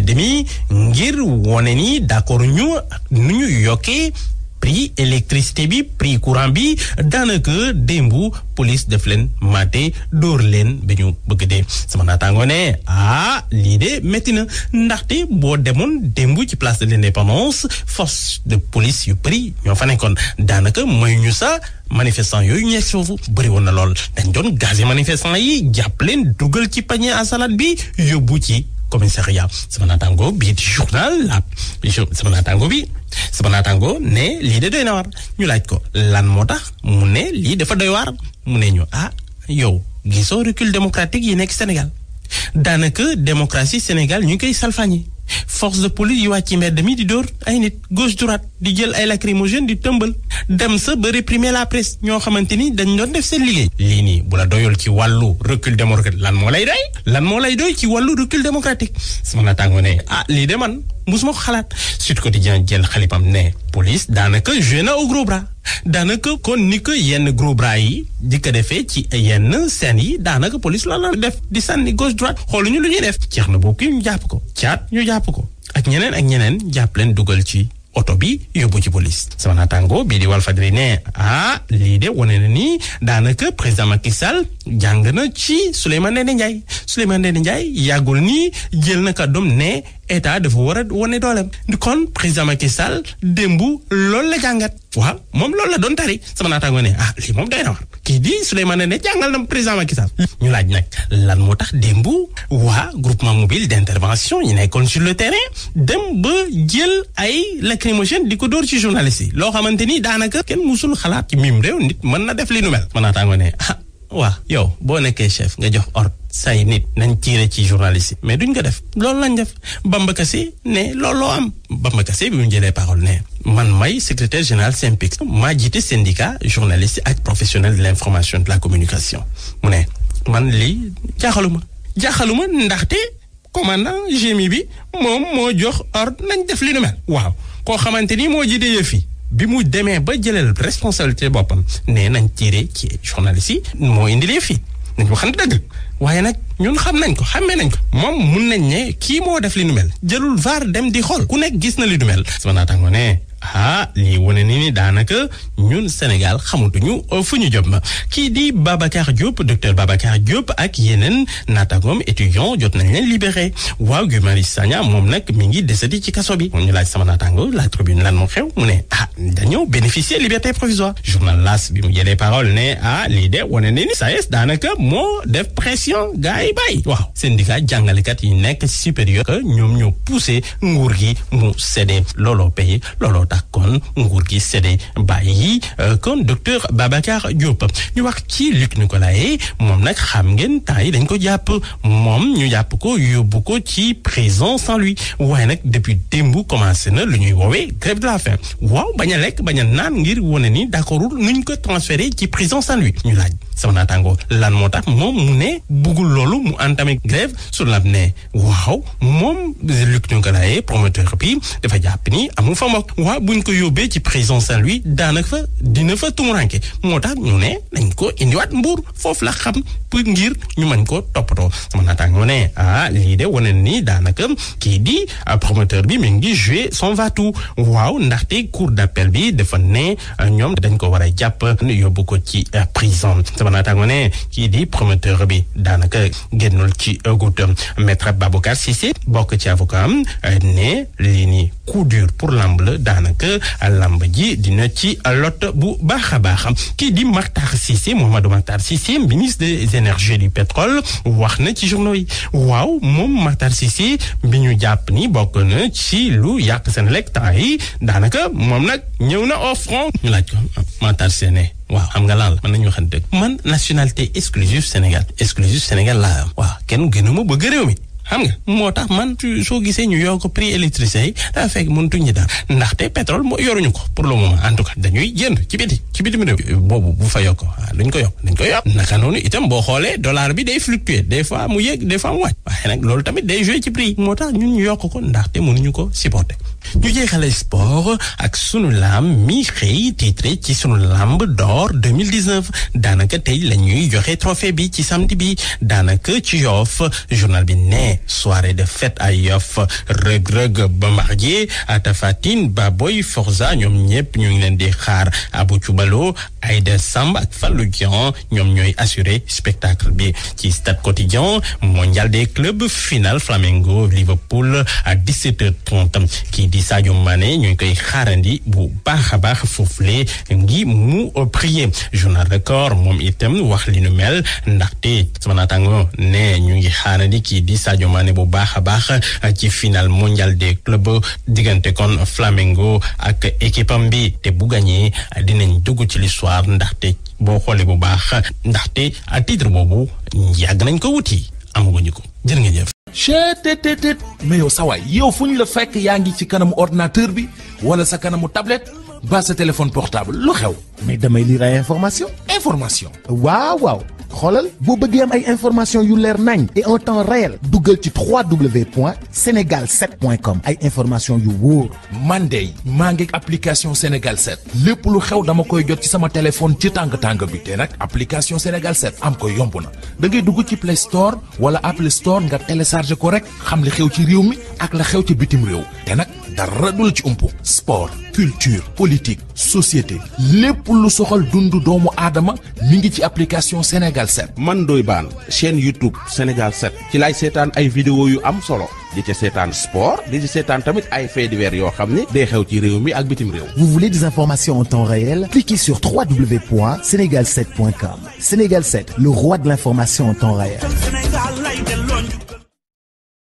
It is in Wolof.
mbedd ngir wone ni d'accord ñu nu ñu yokkee prix électricité bi prix courant bi daanaka démbu police def leen maté dóor leen ba ñu bëgg de sama naataangoo ne ah lii de metti na ndaxte boo demoon démb ci place de l'indépendance force de police yu bëri ñoo fa nekkoon daanaka mooy ñu sa manifestant yooyu ñu nekk foofu bëri woon na lool dañ doon gazé manifestant yi jàpp leen dugal ci panier à salade bi yóbbu ci commissariat sama naataango bii di journal sama naataango bi sama naataango ne lii de doy na war ñu laaj ko lan moo tax mu ne lii dafa doy war mu ne ñu ah yow gisoo recul démocratique yi nekk Sénégal daanaka démocratie Sénégal ñu ngi koy salfaañi force de police yi wàcc ci mbedd mi di dóor ay nit gauche droite di jël ay lacrymogène di tëmbal. dem sa ba réprimer la presse ñoo xamante ni dañu doon def seen liggéey lii nii bu la doyul ci wàllu recul démocratique lan moo lay doy lan moo lay doy ci wàllu recul démocratique sama naataango ne ah lii de man musuma ko xalaat Sud Quotidien jël xalipam ne police daanaka joué na au gros bras daanaka kon ni ko yenn gros bras yi di ko defee ci yenn seen yi daanaka police loolu la def di sànni gauche droite xooluñu lu ñuy def ceex na bokk ñu jàpp ko caat ñu jàpp ko ak ñeneen ak ñeneen jàpp leen dugal ci oto bi yóbbu ci police sama naataango bii di Walfadjri ne ah lii de wane na ni daanaka président Macky Sall jàng na ci Souleymane Ndéné Ndiaye Souleymane Ndéné Ndiaye yàggul ni jël na kàddoom ne état dafa war a wane dooleem kon président Macky Sall démb loolu la jàngat waaw moom lool la doon tari sama naataango ne ah lii moom doy na war kii di Souleymane ne jàngal na président Macky Sall ñu laaj nag lan moo tax démb waa groupement mobile d'intervention ñu nekkoon sur le terrain dem ba jël ay lacrymogène di ko dóor ci journaliste yi loo xamante ni daanaka kenn musul xalaat ci mim réew nit mën na def li nu mel sama naataango ne ah waaw yow boo nekkee chef nga jox ordre say nit nañ tiire ci journaliste yi mais duñ ko def loolu lañ def Bamba Kassé ne loolu loo am Bamba Kassé bi mu jëlee parole ne man may secrétaire général SYNPICS maa jiite syndicat journaliste ak professionnel de l'information de la communication mu ne man lii jaaxaluma jaaxaluma ndaxte commandant GMI bi moom moo jox ordre nañ def li nu mel waaw koo xamante ni moo jiite yëf yi bi mu demee ba jëlal responsabilité boppam nee nañ tiré ci journaliste yi moo indilee fii nañ waxante dëgg waaye nag ñun xam nañ ko xammee nañ ko moom mun nañ ne kii moo def li nu mel jëlul vaar dem di xool ku nekk gis na li nu mel sama naataango ne ah lii wane ni ni daanaka ñun Sénégal xamatuñu euh, fu ñu ma kii di Babacar Diop docteur Babacar Diop ak yeneen naataangoom étudiant jot nañ leen libéré waaw Guy Marius Sagna moom nag mi ngi desati ci kaso bi. ñu laaj sama naataango la tribune lan moo xew mu ne ah dañoo bénéficier liberté provisoire journal L'As bi mu jëlee parole ne ah lii de wane ni ni SAES daanaka moo de pression gars yi bàyyi waaw syndicat jàngalekat yi nekk supérieur que ñoom ñoo poussé nguur gi mu cédé looloo payé looloo tax kon nguur gi séddee bàyyi euh, kon docteur Babacar Diop ñu wax ci Luc Nicolaï moom nag xam ngeen temps yi dañ ko jàpp moom ñu jàpp ko yóbbu ko ci prison sans lui waaye nag depuis démb commencé na lu ñuy woowee grève de la faim waaw bañ lekk bañ a naan ngir wone ni d'accordul nuñ ko transféré ci prison sans lui ñu laaj. sama naataango lan moo tax moom mu ne buggul loolu mu entamé grève su la ne waaw moom Luc Nicolaï promoteur bi dafa jàpp ni amul fa mbokk waaw buñ ko yóbbee ci prison saint daanaka dina fa tumuranke moo tax ñu ne dañ ko indiwaat mbuur foofu la xam pour ngir ñu mën ko toppatoo sama naataango ne ah lii de wane ni daanaka kii di promoteur bi mi ngi joué son va waaw ndaxte cour d'appel bi dafa ne ñoom dañ ko war a jàpp yóbbu ko ci prison sama naataango ne kii di promoteur bi daanaka génnul ci euh, gut maître Babacar Cissé bokk ci avocat am euh, ne lii nii dur pour lamb la daanaka lamb ji dina ci lot bu baax a baax kii di Makhtar Cissé Mouhamadou Makhtar Cissé ministre des énergies du pétrole wax na ci journaux yi waaw moom Makhtar Cissé bi ñu jàpp ni bokk na ci lu yàq seen lekk temps yi daanaka moom nag ñëw na au front ñu laaj waaw xam nga laal mën nañu waxante dëgg man nationalité exclusive Sénégal exclusive Sénégal laa am waaw kenn gënu ma bëgg réew mi xam nga moo tax man soo gisee ñu yokk prix électricien yi daa fekk mënatuñ ñu daal ndaxte pétrole moo yoruñu ko pour le moment en tout cas dañuy jënd ci biti ci biti mu boobu bu fa yokk waaw ah, ko yokk dañ ko yokk naka noonu itam boo xoolee dollar bi day fluctuer des fois mu yéeg des fois mu wàcc nag loolu tamit day jouer ci prix yi moo tax ñun ñu ko ndaxte mënuñu ko supporter ñu jeexale sport ak sunu lamb mi xëy titre ci sunu lamb d'or 2019 daanaka tey la ñuy joxe trophée bi ci samedi bi daanaka ci yoof journal bi ne demain soirée de fête à Yoff Reug Reug Bombardier Tapha Tine Baboy Forza ñoom ñëpp ñu ngi leen di xaar Abou Cubalo Aïda Samb ak Fallou Dieng ñoom ñooy assurer spectacle bi ci stade quotidien mondial des clubs final Flamengo Liverpool a 17h30 kii di Sadio Mané ñu koy xaarandi bu baax a baax foofule ngi mu prier journal record moom itam wax li nu mel ndaxte sama ne ñu ngi xaarandi kii di Sadio Sadio Mané bu baax a baax ci final mondial des clubs diggante kon Flamengo ak équipe bi te bu gagné dinañ dugg ci l'histoire ndaxte boo xoolee bu baax ndaxte à titre boobu yàgg nañ ko wuti amaguñu ko jërë nga jëf. cheetetetet mais yow sawaay yow fu ñu la fekk yaa ngi ci kanamu ordinateur bi wala sa kanamu tablette ba sa téléphone portable lu xew mais damay lire ay information information waaw waaw xoolal boo bëggee am ay information yu leer nañ et en temps réel duggal ci wwwsenegal comme ay information yu wóor man de maa ngi application Sénégal 7 lépp lu xew dama koy jot ci sama téléphone ci tàng tàng bi te nag application Sénégal 7 am ko yomb na da ngay dugg ci Play Store wala Apple Store nga télécharge ko rek xam li xew ci réew mi ak la xew ci bitim réew te nag dara du la ci umpu sport culture politique société lépp lu soxal dundu doomu aadama mi ngi ci application Sénégal 7. man doy baan chaîne YouTube Sénégal 7 ci laay seetaan ay vidéo yu am solo di ci seetaan sport di ci seetaan tamit ay faits divers yoo xam ni day xew ci réew mi ak bitim réew. Vous voulez des informations en temps réel? Cliquez sur wwwsenegal Sénégal 7, le roi de l'information en temps réel.